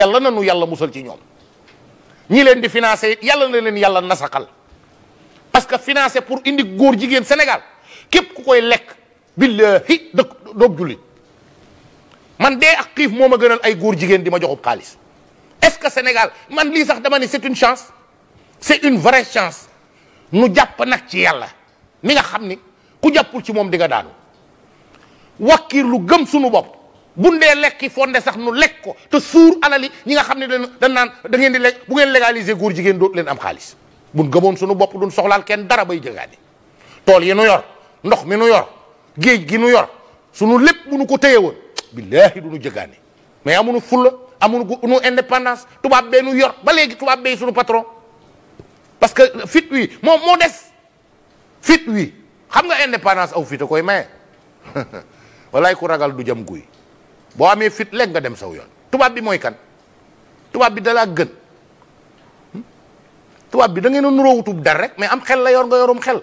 yàlla na nu yàlla musal ci ñoom ñi leen di financé yàlla na leen yàlla nasaxal parce que financé pour indi góor jigéen Sénégal képp ku koy lekk billahi dëkk doog jullit man dee ak xiif moom ma gënal ay góor jigéen di ma joxub xaalis est-ce que Sénégal man lii sax dama ne c'est une chance c'est une vraie chance nu jàpp nag ci yàlla mi nga xam ni ku jàppul ci moom di nga daanu wàkkiir lu gëm sunu bopp bu dee lekki fonde sax nu lekk ko te suur alali ñi nga xam ne dañ naan da ngeen di lekk bu ngeen légaliser góor jigéen dootu leen am xaalis bu buñ gëmoon suñu bopp duñ soxlaal kenn dara bay jëgaani tool yi nu yor ndox mi nu yor géej gi nu yor suñu lépp bu nu ko téye woon billaahi du nu jëgaani mais amuñu fulla amuñu nu indépendance tubaab bee nu yor ba léegi tubaab bee suñu patron parce que fit wi moom moo des fit wi xam nga indépendance aw fit a koy maye walaay ku ragal du jam guy boo amee fit léegi nga dem saw yoon tubaab bi mooy kan tubaab bi dalaa gën hmm? tubaab bi da ngeen nuroo nuróowutub dara rek mais am xel la yor nga yorum xel